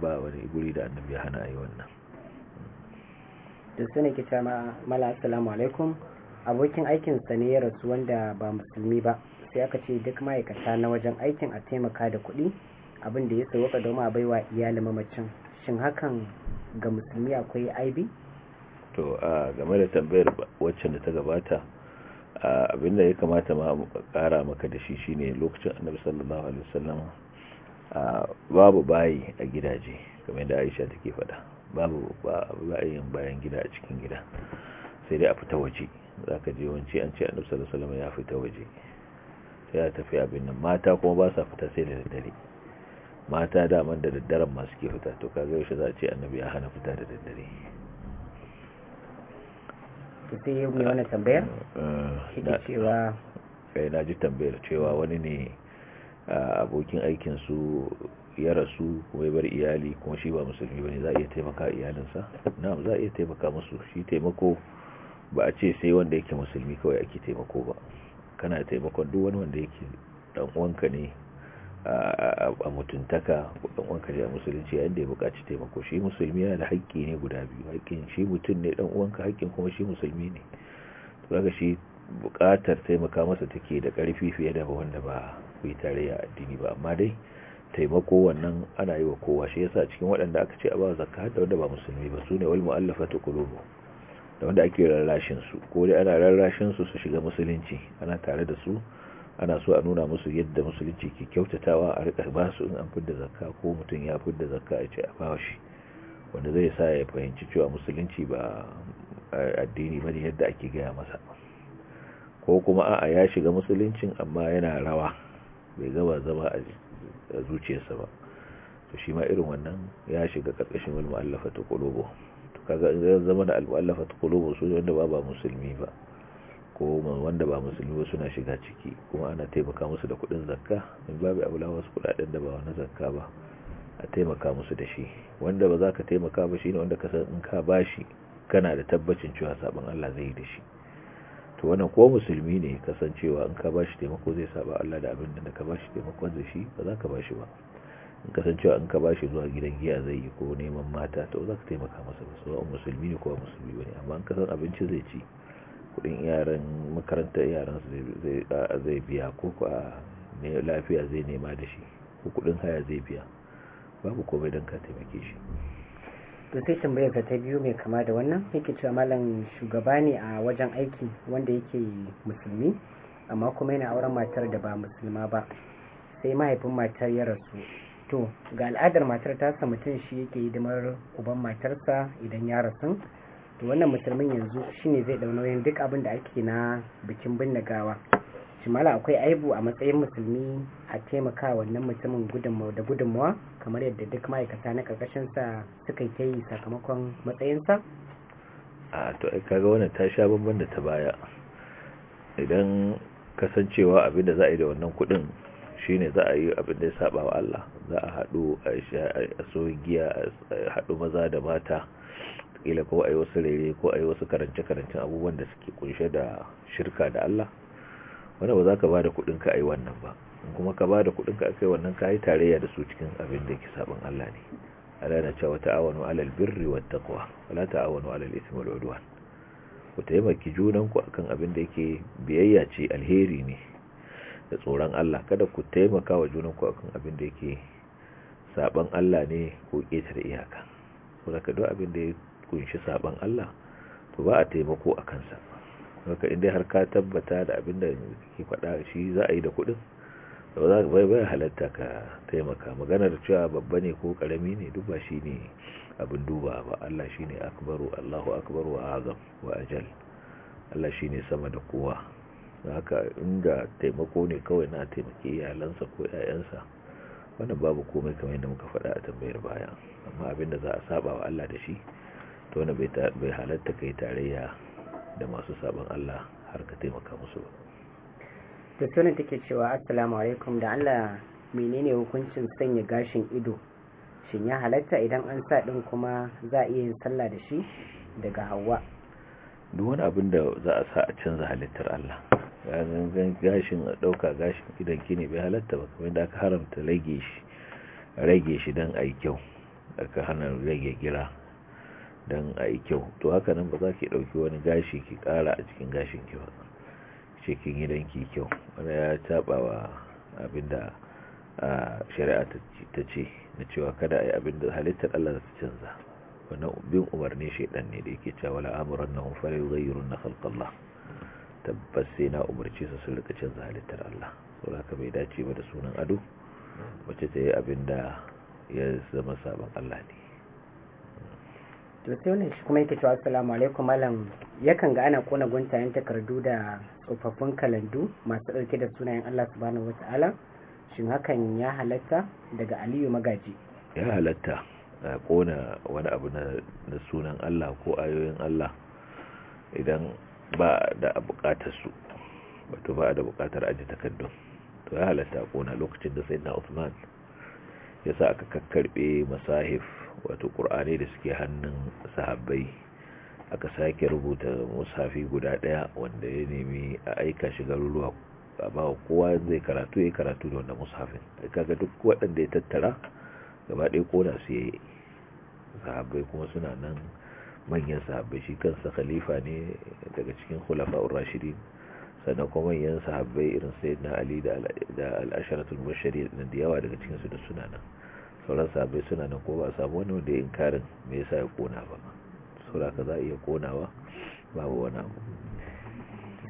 ba wani guri da annabi ya hana a yi wannan
da suna kita ma mala assalamu alaikum abokin aikinsa ne ya rasu wanda ba musulmi ba sai aka ce duk ma'aikata na wajen aikin a taimaka da kuɗi abin da ya sauka domin a baiwa iyali mamacin shin hakan ga
musulmi akwai aibi to a game da tambayar wacce da ta gabata abin da ya kamata ma mu kara maka da shi shine lokacin annabi sallallahu alaihi wasallam babu bayi a gidaje game da Aisha take faɗa babu bayin bayan gida a cikin gida sai dai a fita waje zaka je wance an ce annabi sallallahu alaihi wasallam ya fita waje sai a tafi abin nan mata kuma ba sa fita sai da daddare mata daman da daddaren masu ke fita to kaga yaushe za a ce annabi ya hana fita da daddare sai yi mai wani tambayar shi eh, cewa kai eh, na ji tambayar cewa wani ne abokin aikinsu ya rasu kuma ya bar iyali kuma shi ba musulmi ba ne za a iya taimaka iyalinsa na za a iya taimaka musu shi taimako ba a ce sai wanda yake musulmi kawai ake taimako ba kana taimakon duk wani wanda yake dan uwanka ne a mutuntaka dan uwanka ne a musulunci yayin da ya bukaci taimako shi musulmi yana da haƙƙi ne guda biyu haƙƙin shi mutum ne dan uwanka haƙƙin kuma shi musulmi ne to kaga shi buƙatar taimaka masa take da ƙarfi fiye da wanda ba ku yi tarayya addini ba amma dai taimako wannan ana yi wa kowa shi yasa cikin waɗanda aka ce a ba zakka da wanda ba musulmi ba su ne wal mu'allafatu qulubuhum da wanda ake su ko dai ana rarrashin su su shiga musulunci ana tare da su ana so a nuna musu yadda musulunci ke kyautatawa a rika ba su in an fidda zakka ko mutum ya fidda zakka a ce a ba shi wanda zai sa ya fahimci cewa musulunci ba addini bane yadda ake gaya masa ko kuma a'a ya shiga musuluncin amma yana rawa bai gaba zama a zuciyarsa ba to shi ma irin wannan ya shiga karkashin wal ta qulubuhum kaga zai zama da al'allafa qulubu su wanda ba ba musulmi ba ko wanda ba musulmi ba suna shiga ciki kuma ana taimaka musu da kudin zakka in babu aula su kudaden da ba wani zakka ba a taimaka musu da shi wanda ba za ka taimaka ba shine wanda ka san in ka bashi kana da tabbacin cewa sabon Allah zai yi da shi to wannan ko musulmi ne kasancewa in ka bashi taimako zai saba Allah da abin da ka bashi taimako da shi ba za ka bashi ba kasancewa an ka ba shi zuwa gidan giya zai yi ko neman mata to za ka taimaka masa ba sauran musulmi ne ko musulmi ba ne amma an kasan abinci zai ci kudin yaran makarantar yaran zai biya ko lafiya zai nema da shi ko kudin haya zai biya babu komai don ka taimake shi to tambayar
ka ta biyu mai kama da wannan yake cewa malam shugaba ne a wajen aiki wanda yake musulmi amma kuma yana auren matar da ba musulma ba sai mahaifin matar ya rasu to ga al'adar matar tasa mutum shi yake hidimar uban matarsa idan ya rasu to wannan musulmin yanzu shine zai dau nauyin duk abin da ake na bikin binne gawa shimala akwai aibu a matsayin musulmi a taimaka wannan mutumin da gudunmawa kamar yadda duk ma'aikata na karkashin sa suka yi sakamakon matsayinsa
a to ai kaga wannan ta sha bamban da ta baya idan kasancewa abin da za a yi da wannan kuɗin shine za a yi abin da ya saba wa Allah za a haɗu a soyin giya a haɗu maza da mata kila ko a yi wasu rere ko a yi wasu karance-karancen abubuwan da suke kunshe da shirka da Allah wanda ba za ka ba da kuɗinka a yi wannan ba kuma ka ba da kuɗinka a kai wannan ka yi tarayya da su cikin abin da ke saban Allah ne ala na cewa ta'awanu alal birri wat taqwa wala ta'awanu alal ismi wal udwan ku taimaki junanku akan abin da yake biyayya ce alheri ne da tsoron Allah kada ku taimaka wa ku akan abin da yake saban Allah ne ko ƙetare iyaka kuma ka duk abin da ya kunshi saban Allah to ba a taimako a kansa haka inda har ka tabbata da abin da ke faɗa shi za a yi da kuɗin ba ka bai bai halatta ka taimaka maganar cewa babba ne ko ƙarami ne duk ba shi ne abin duba ba Allah shi ne akbaru Allahu akbaru wa azam wa ajal Allah shine sama da kowa haka inda taimako ne kawai na taimaki iyalansa ko 'ya'yansa wannan babu komai kamar yadda muka faɗa a tambayar baya amma abin da za a saba wa Allah da shi to wani bai halatta kai tarayya da masu sabon Allah har ka taimaka musu ba
tattauna take cewa assalamu alaikum da Allah menene hukuncin sanya gashin ido shin ya halatta idan an sa din kuma za a iya yin sallah da shi daga hawa
duk wani abin da za a sa a canza halittar Allah gangan gashin a ɗauka gashin gidan ki ne bai halatta ba kuma da aka haramta rage shi rage shi don a yi kyau aka hana rage gira don a yi kyau to haka nan ba za ki ɗauki wani gashi ki ƙara a cikin gashin ki ba cikin dan ki kyau wani ya taɓa wa abin da shari'a ta ce na cewa kada a yi abin da halittar allah su canza wannan bin umarni shaidan ne da yake cewa la'amuran na hunfarai zai yi na khalƙallah tabbas sai na umarci su sun rika canza halittar Allah saboda haka bai dace ba da sunan ado wacce ta yi abin da ya zama sabon Allah ne
to sai wani shi kuma yake cewa assalamu alaikum malam yakan ga ana kona guntayen takardu da tsofaffin kalandu masu ɗauke da sunayen Allah subhanahu ta'ala shin hakan ya halatta daga Aliyu Magaji
ya halatta a kona wani abu na sunan Allah ko ayoyin Allah idan ba da bukatar wato ba da bukatar aji takaddun to ya halatta kona lokacin da sayyidina Uthman ya sa aka kakkarbe masahif wato qur'ani da suke hannun sahabbai aka sake rubuta musafi guda daya wanda ya nemi a aika shi garuruwa ba kowa zai karatu ya karatu da wannan musafin kaga duk waɗanda ya tattara gaba ɗaya kona su yayi sahabbai kuma suna nan manyan sahabbai shi kansa khalifa ne daga cikin khulafa'ur rashidin sannan kuma manyan sahabbai irin sayyidina ali da al'asharatul bashari da yawa daga cikin su da suna nan sauran sahabbai suna nan ko ba samu wani da inkarin me yasa ya kona ba saura ka za a iya konawa babu wani abu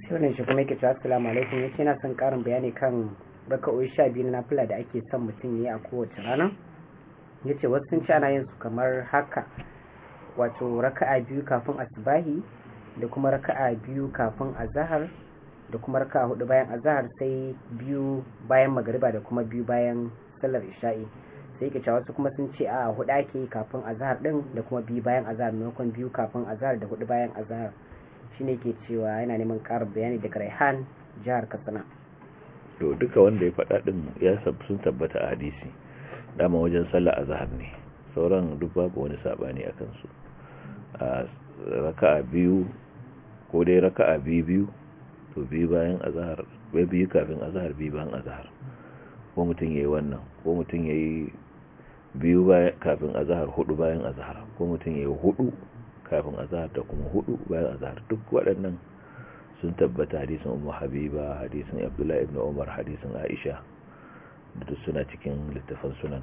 sunan shi
kuma yake cewa assalamu alaikum yace na son karin bayani kan raka'o'i sha biyu na nafila da ake son mutum ya yi a kowace rana ya ce wasu ana yin su kamar haka wato raka'a biyu kafin asubahi da kuma raka'a biyu kafin azahar da kuma raka'a hudu bayan azahar sai biyu bayan magariba da kuma biyu bayan sallar isha'i sai ke cewa wasu kuma sun ce a hudu ake kafin azahar din da kuma biyu bayan azahar maimakon biyu kafin azahar da hudu bayan azahar shine ke cewa yana neman karin bayani daga Raihan jihar Katsina
to duka wanda ya faɗa din ya sun tabbata a hadisi dama wajen sallar azahar ne sauran duk babu wani sabani akan su raka'a biyu ko dai raka'a biyu biyu to biyu bayan azhar bai biyu kafin azhar biyu bayan azhar ko mutum yayi wannan ko mutum yayi biyu kafin azhar hudu bayan azhar ko mutum yayi hudu kafin azhar da kuma hudu bayan azhar duk waɗannan sun tabbata hadisin ummu habiba hadisin abdullahi ibn umar hadisin aisha da duk suna cikin littafan sunan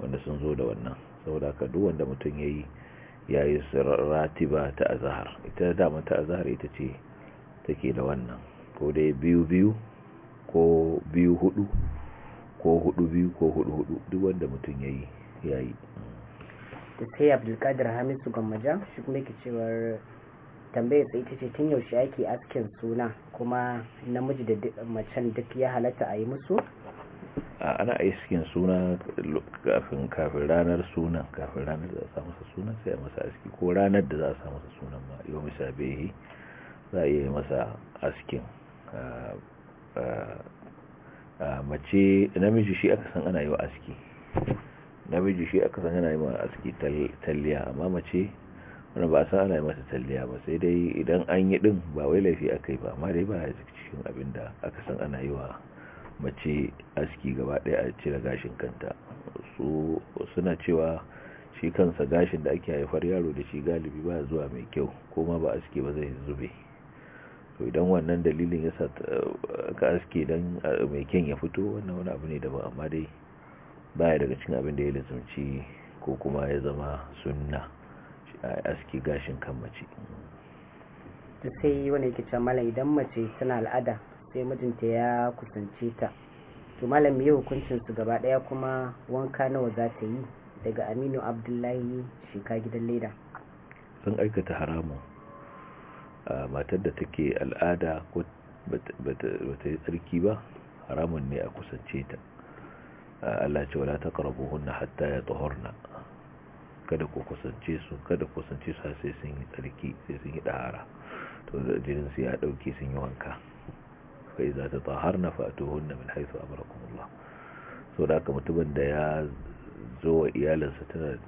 wanda sun zo da wannan saboda ka duk wanda mutum yayi ya yi ratiba ta azahar ita dama ta azahar ita ce take da wannan ko dai biyu biyu ko biyu hudu ko hudu biyu ko hudu hudu duk wanda mutum ya yi ya
yi ta sai abdulkadir hamisu gwammaja shi kuma yake cewar tambayar sai ita ce tun yaushe ake askin suna kuma namiji da macen duk ya halatta a yi musu
ana askin suna kafin kafin ranar sunan kafin ranar da za a samu sunan sai a masa aski ko ranar da za a samu sunan ma yau misa behi za a yi masa askin mace namiji shi aka san ana yi wa aski namiji shi aka san ana yi wa aski talliya amma mace wani ba a san ana yi masa talliya ba sai dai idan an yi din ba wai laifi aka yi ba amma dai ba ya cikin abin da aka san ana yi wa mace aski gaba ɗaya a cire gashin kanta su suna cewa shi kansa gashin da ake haifar yaro da shi galibi ba zuwa mai kyau kuma ba aski ba zai zube to idan wannan dalilin ya sa eh, ka aski don eh, mai kyan ya fito wannan wani abu ne daban amma dai baya daga cikin abin da ya lissamci ko kuma ya zama sunna a aski gashin kan mace
sai wani ke cewa mala idan mace tana al'ada sai mijinta ya kusance ta to malam yau hukuncin su gaba daya kuma wanka nawa za ta yi daga aminu abdullahi shika gidan leda
sun aikata haramun a matar da take al'ada ko bata yi tsarki ba haramun ne a kusance ta Allah ce wala taqrabu hunna hatta ya tsohorna kada ku kusance su kada kusance su sai sun yi tsarki sai sun yi ɗahara to jinin ya ɗauki sun yi wanka fa idza tataharna fa'tuhunna min haythu amarakumullah so da haka mutumin da ya zo wa iyalinsa tana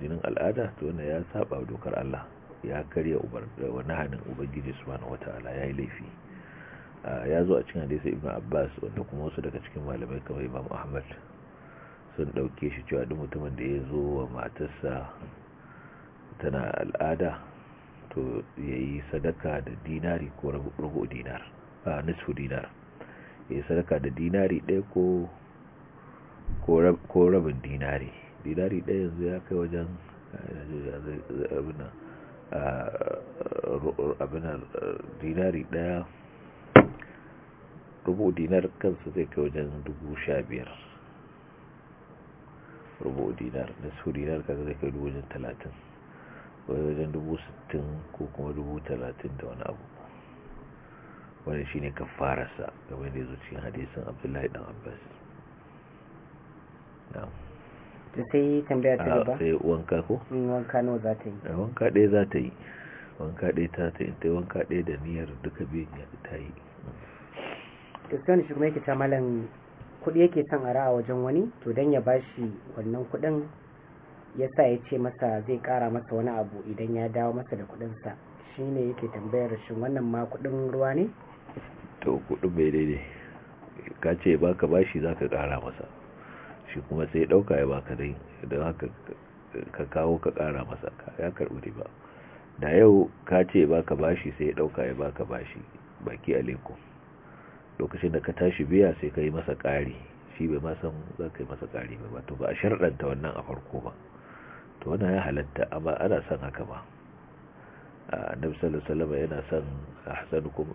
jinin al'ada to wanda ya saba dokar Allah ya karya wani hannun ubangiji ala wataala yi laifi ya zo a cikin hadisi ibn abbas wanda kuma wasu daga cikin malamai kamar imam ahmad sun dauke shi cewa duk mutumin da ya zo wa matarsa tana al'ada to yayi sadaka da dinari ko rubu dinar a nisfu dinar ya eh, sadaka da dinari ɗaya ko ko rabin dinari dinari ɗaya yanzu ya kai wajen abin dinari ɗaya rubu dinar kansa zai kai wajen dubu sha biyar rubu dinar da su dinar kansa zai kai wajen talatin wajen dubu sittin ko kuma dubu talatin da wani abu wannan shine kafararsa game da yazo cikin hadisin Abdullahi dan Abbas na'am to sai tambaya ta gaba ah, sai wanka ko
mm, wanka nawa za ta yi eh,
wanka ɗaya za ta yi wanka ɗaya ta ta yi ta wanka ɗaya da niyyar duka biyun ya ta yi
to sai shi kuma yake ta malam kudi yake son ara a wajen wani to dan ya bashi wannan kudin ya sa ya ce masa zai kara masa wani abu idan ya dawo masa da kudinsa shi ne yake tambayar shi wannan ma kudin ruwa ne
to kudin mai daidai ka ce ba ka bashi za ka kara masa shi kuma sai dauka ya baka dai don haka ka kawo ka kara masa ya karbi riba da yau ka ce ba ka bashi sai dauka ya baka bashi baki alaikum lokacin da ka tashi biya sai ka yi masa kari shi bai ma san za ka yi masa kari ba to ba a sharɗanta wannan a farko ba to wannan ya halatta amma ana son haka ba annabi sallallahu alaihi wasallam yana son ahsanukum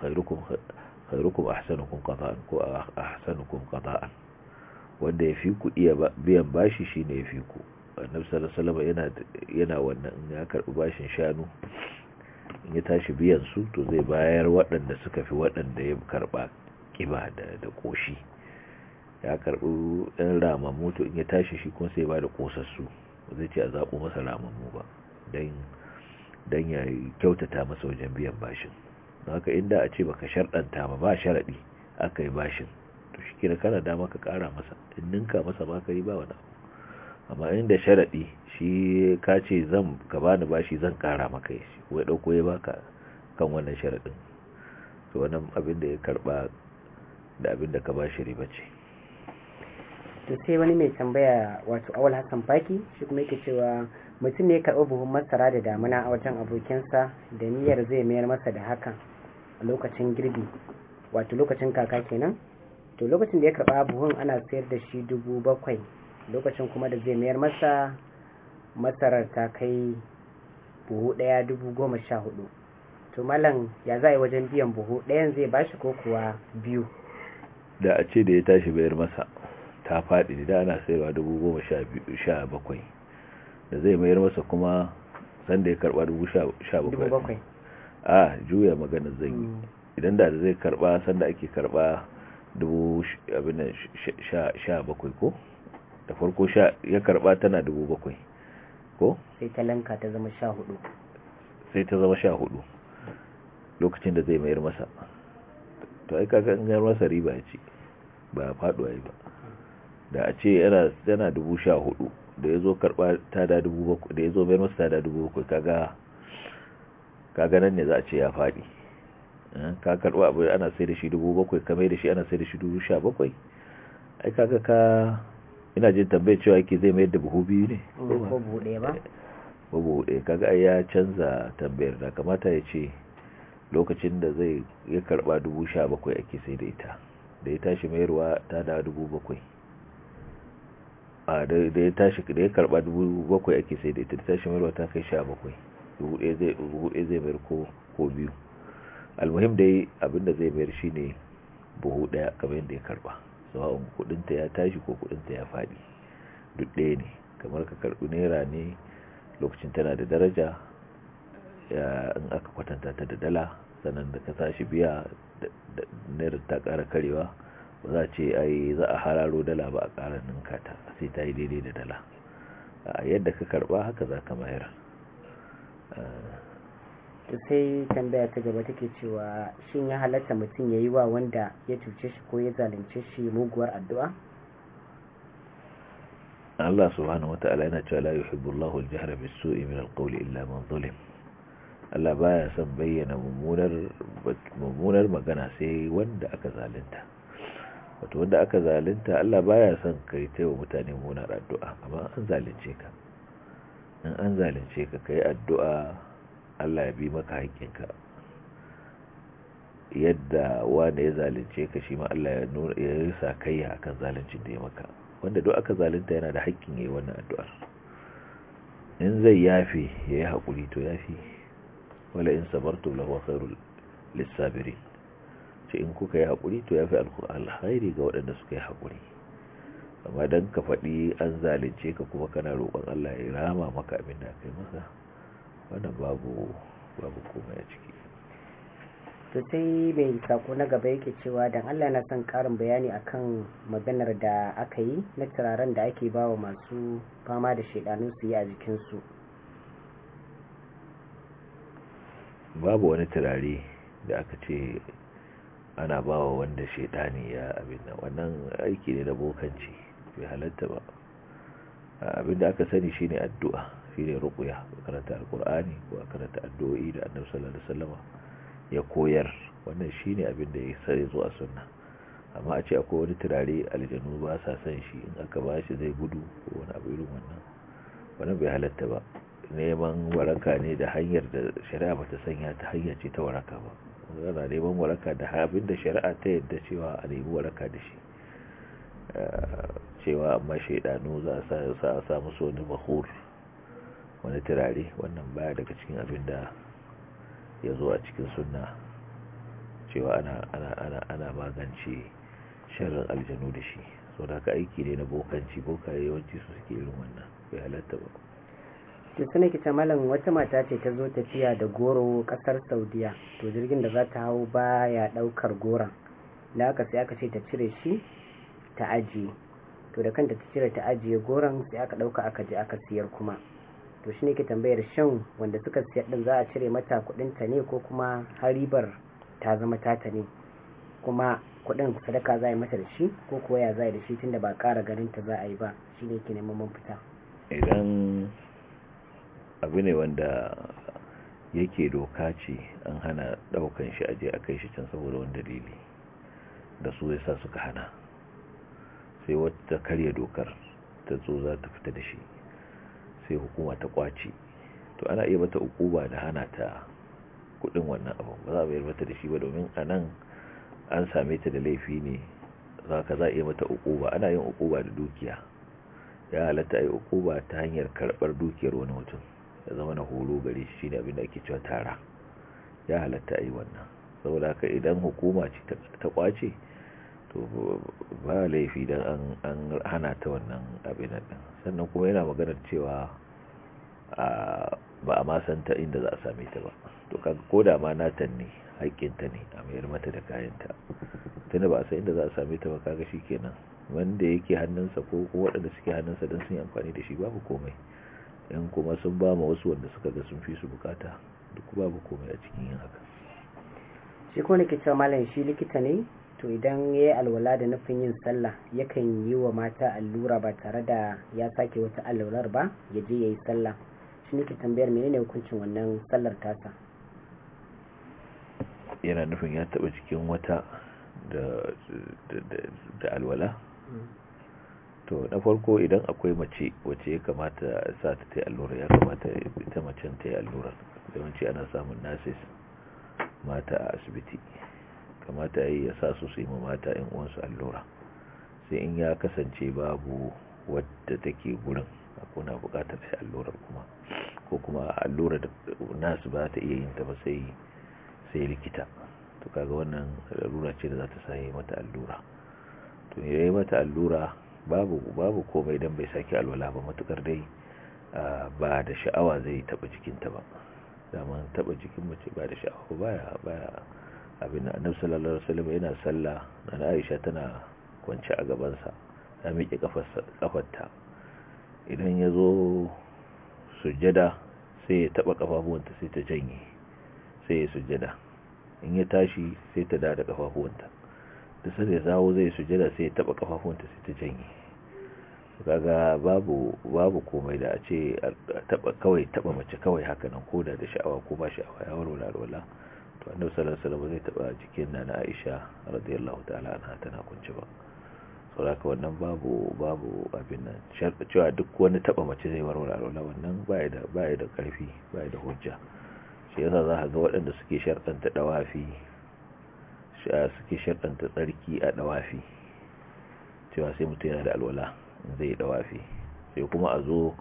khairukum ahsanukum qada'an ko ahsanukum qada'an wanda ya fi ku iya biyan bashi shine ya fi ku annabi sallallahu yana yana wannan in ya karbi bashin shanu in ya tashi biyan su to zai bayar waɗanda suka fi waɗanda ya karba kiba da da koshi ya karbi ɗan ramamu to in ya tashi shi kuma sai ba da kosassu zai ce a zaɓo masa ramamu ba don ya kyautata masa wajen biyan bashin haka inda a ce baka sharɗanta ba ba sharaɗi aka yi bashin to shi kira kana dama ka ƙara masa in ninka masa ba ka yi ba wani abu amma inda sharaɗi shi ka ce zan ka bani bashi zan ƙara maka yi wai ɗauko ya baka kan wannan sharaɗin to wannan abin da ya karɓa da abin da ka ba shi riba ce
to sai wani mai tambaya wato awal hassan faki shi kuma yake cewa mutum ne ya karɓi buhun masara da damuna a wajen abokinsa da niyyar zai mayar masa da hakan a lokacin girbi wato lokacin kaka kenan to lokacin da ya karɓa buhun ana sayar da shi dubu bakwai lokacin kuma da zai mayar masa masarar ta kai buhu ɗaya dubu goma sha hudu to malam ya za a yi wajen biyan buhu ɗayan zai shi ko kuwa
biyu da a ce da ya tashi bayar masa ta faɗi da ana sayarwa dubu goma sha bakwai da zai mayar masa kuma sanda ya karɓa dubu sha bakwai a juya magana zan yi idan da zai karba sanda ake karba dubu abin sha bakwai ko da farko ya karba tana dubu bakwai ko
sai talanka ta zama sha hudu
sai ta zama sha hudu lokacin da zai mayar masa to aika kaga in masa riba ce ba faduwa ba da a ce yana yana dubu sha hudu da ya zo karba ta da dubu bakwai da ya zo mayar masa ta da dubu bakwai kaga ga nan ne za a ce ya faɗi eh, ka karɓi abu ana sai da shi dubu bakwai kamar da shi ana sai da shi dubu sha bakwai ai kaga ka ina jin tambayar cewa yake zai mayar da buhu biyu ne
ko buɗe ba
ko buɗe kaga ya canza tambayar da kamata ya ce lokacin da zai ya karɓa dubu sha bakwai ake sai da ita da ya tashi mayarwa ta da dubu bakwai da ya tashi da ya karɓa dubu bakwai ake sai da ita da tashi mayarwa ta kai sha bakwai buhu ɗaya zai mayar ko biyu almuhim dai abinda zai mayar shine buhu ɗaya kamar yadda ya karba sawa'un kudinta ya tashi ko kudinta ya faɗi duk ɗaya ne kamar ka karɓi naira ne lokacin tana da daraja in aka kwatanta ta da dala sannan da ka tashi biya naira ta ƙara karewa ba za ce ai za a hararo dala ba a ƙara ninka ta sai ta yi daidai da dala yadda ka karɓa haka za ka mayar
sai tambaya ta gaba take cewa shin ya halatta mutum ya yi wa wanda ya cuce shi ko ya zalunce shi muguwar addu'a
Allah subhanahu wata'ala yana cewa la yuhibbu Allahu al-jahra bis-su'i min al illa man zulim Allah baya son bayyana mummunar magana sai wanda aka zalunta wato wanda aka zalunta Allah baya son kai taiwa mutane mummunar addu'a amma an zalunce ka in an zalunce ka kai addu'a Allah ya bi maka haƙƙinka yadda wanda ya zalunce ka shi ma Allah ya nuna ya yi akan zaluncin da ya maka wanda duk aka zalunta yana da haƙƙin yayi wannan addu'ar in zai yafi yayi hakuri to yafi wala in sabartu lahu khairul lisabirin ce in kuka yi hakuri to yafi alkhairi ga waɗanda suka yi hakuri amma don ka faɗi an zalunce ka kuma kana roƙon Allah ya rama maka abin da aka masa wannan babu babu komai a ciki
to sai mai sako na gaba yake cewa dan Allah na son karin bayani akan maganar da aka yi na turaren da ake bawa masu fama da shaidanun su yi a jikinsu
babu wani turare da aka ce ana bawa wanda shaidani ya abin nan wannan aiki ne na bokanci bai halatta ba abinda aka sani shine addu'a shine ruqya karanta alqur'ani ko karanta addu'o'i da annabi sallallahu alaihi wasallam ya koyar wannan shine abinda ya sai zuwa sunna amma a ce akwai wani turare aljanu ba sa san shi in aka ba shi zai gudu ko wani abu irin wannan wannan bai halatta ba neman waraka ne da hanyar da shari'a bata sanya ta hanyar ce ta waraka ba na neman waraka da abin da shari'a ta yadda cewa a nemi waraka da shi eh, cewa amma shaidanu za a sa musu wani mahur wani turare wannan baya daga cikin abin da ya zo a cikin sunna cewa ana magance sharrin aljanu da shi sau da ka aiki ne na bokanci bokaye yawanci su suke irin wannan bai halatta ba
ke suna malam wata mata ce ta zo tafiya da goro kasar saudiya to jirgin da za ta hau baya daukar goron da aka sai aka ce ta cire shi ta ajiye to da kanta ta cire ta ajiye goron sai aka ɗauka aka je aka siyar kuma to shine ke tambayar shan wanda suka siyar din za a cire mata kuɗin ta ne ko kuma haribar ta zama tata ne kuma kuɗin sadaka za a yi mata da shi ko kuwa ya za a yi da shi tunda ba ƙara garinta ta za a yi ba shine ke neman man fita
idan abu ne wanda yake doka ce an hana ɗaukan shi aje a kai shi can saboda wani dalili da su yasa suka hana sai wata karya dokar ta zo za ta fita da shi sai hukuma ta kwace to ana iya mata ukuba da hana ta kudin wannan abu ba za a bayar mata da shi ba domin a nan an same ta da laifi ne za ka za a iya mata ukuba ana yin ukuba da dukiya ya halatta a yi ukuba ta hanyar karbar dukiyar wani mutum ya zama na horo gare shi ne abin da ake cewa tara ya halatta a yi wannan saboda haka idan hukuma ce ta kwace to ba laifi don an hana ta wannan abin sannan kuma yana maganar cewa ba a masanta inda za a same ta ba to kaga ko da ma natan ne haƙƙinta ne a mayar mata da kayanta tana ba a san inda za a same ta ba kaga shi kenan wanda yake hannunsa ko waɗanda suke hannunsa don sun yi amfani da shi babu komai yan kuma sun ba ma wasu wanda suka ga sun fi su bukata duk babu komai a cikin yin haka
shi ko likita malam shi likita ne to idan ya yi alwala da nufin yin sallah yakan yi wa mata allura ba tare da ya sake wata alwalar ba ya je ya yi sallah shi ne ke tambayar menene hukuncin wannan sallar tasa
yana nufin ya taɓa cikin wata da alwala hmm. to na farko idan akwai mace wacce ya kamata sa ta ta allura ya kamata ita macen ta yi allura yawanci ana samun nasis mata a asibiti kamata yi ya sa su su yi mata in uwansu allura sai in ya kasance babu wadda take gurin kuna buƙatar sai allurar kuma ko kuma allura da nasu ba ta iya yin ta ba sai sai likita to kaga wannan allura ce da za ta yi mata allura to ya yi mata allura babu babu komai dan bai sake alwala ba matukar dai ba da sha'awa zai taba jikinta ba zaman taba jikin mace ba da sha'awa ba baya abin annabi sallallahu alaihi wasallam yana sallah na Aisha tana kwance a gabansa ta miƙe kafarta idan ya zo sujjada sai ya taɓa kafafuwanta sai ta janye sai ya sujjada in ya tashi sai ta dada kafafuwanta da sai ya zawo zai sujjada sai ya taɓa kafafuwanta sai ta janye kaga babu babu komai da a ce taba kawai taba mace kawai haka nan koda da sha'awa ko ba sha'awa ya warwala to annabi sallallahu alaihi wasallam zai taba jikin nana Aisha radiyallahu ta'ala anha tana kunce ba saboda wannan babu babu abin nan cewa duk wani taba mace zai warware alwala wannan baya da baya da karfi baya da hujja shi yasa za ka ga waɗanda suke sharɗanta dawafi suke sharɗanta tsarki a dawafi cewa sai mutum yana da alwala zai dawafi sai kuma a zo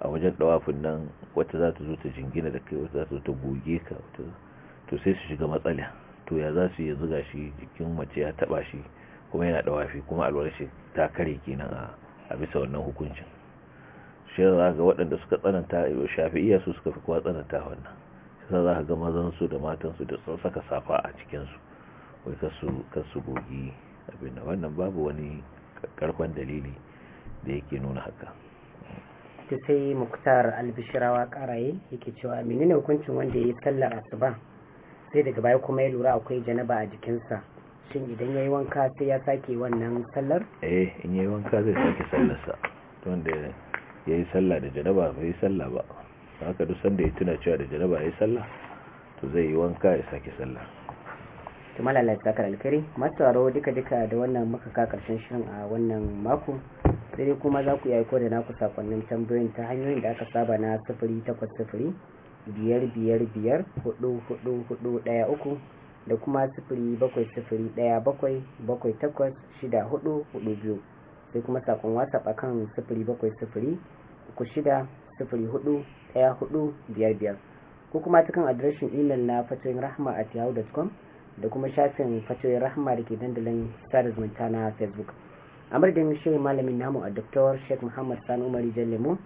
a wajen dawafin nan wata za ta zo ta jingina da kai wata za ta zo ta goge ka wata to sai su shiga matsala to ya za su yi zuga shi jikin mace ya taba shi kuma yana da wafi kuma alwar shi ta kare kenan a bisa wannan hukuncin shi za ga waɗanda suka tsananta shafi su suka fi kuwa tsananta wannan shi za ka ga mazansu da matansu da sun saka safa a cikinsu wai kasu gogi abin da wannan babu wani karfan dalili da yake nuna haka
ta sai muktar albishirawa karaye yake cewa menene hukuncin wanda ya yi sallar asuba sai daga baya kuma ya lura akwai janaba a jikinsa shin idan ya yi wanka sai ya sake wannan sallar?
eh in ya yi wanka zai sake sallarsa wanda ya yi sallah da janaba bai yi sallah ba haka duk sanda ya tuna cewa da janaba ya yi sallah to zai yi wanka ya sake sallah kuma lalata
sakar alkari matsaro duka duka da wannan muka ka karshen shirin a wannan mako sai kuma za ku yi aiko da naku sakonnin tambayoyin ta hanyoyin da aka saba na sifiri takwas sifiri biyar biyar biyar hudu hudu hudu daya uku da kuma sifiri bakwai sifiri daya bakwai bakwai takwas shida hudu hudu biyu sai kuma sakon whatsapp akan sifiri bakwai sifiri uku shida sifiri hudu daya hudu biyar biyar ko kuma ta kan adireshin imel na fatoyin rahma at yahoo.com da kuma shafin fatoyin rahama da ke dandalin sada zumunta na facebook a madadin shirin malamin namu a dr sheikh muhammad sani umar jan lemo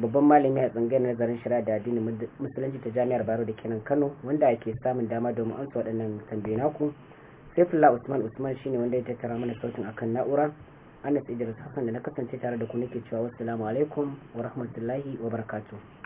babban malami a tsangayar nazarin shari'a da addinin musulunci ta jami'ar baro da kenan kano wanda ake samun dama domin amsa waɗannan tambayi naku saifula usman usman shine wanda ya tattara mana sautin akan na'ura anas idris hassan da na kasance tare da ku nake cewa wassalamu alaikum wa rahmatullahi wa barakatuh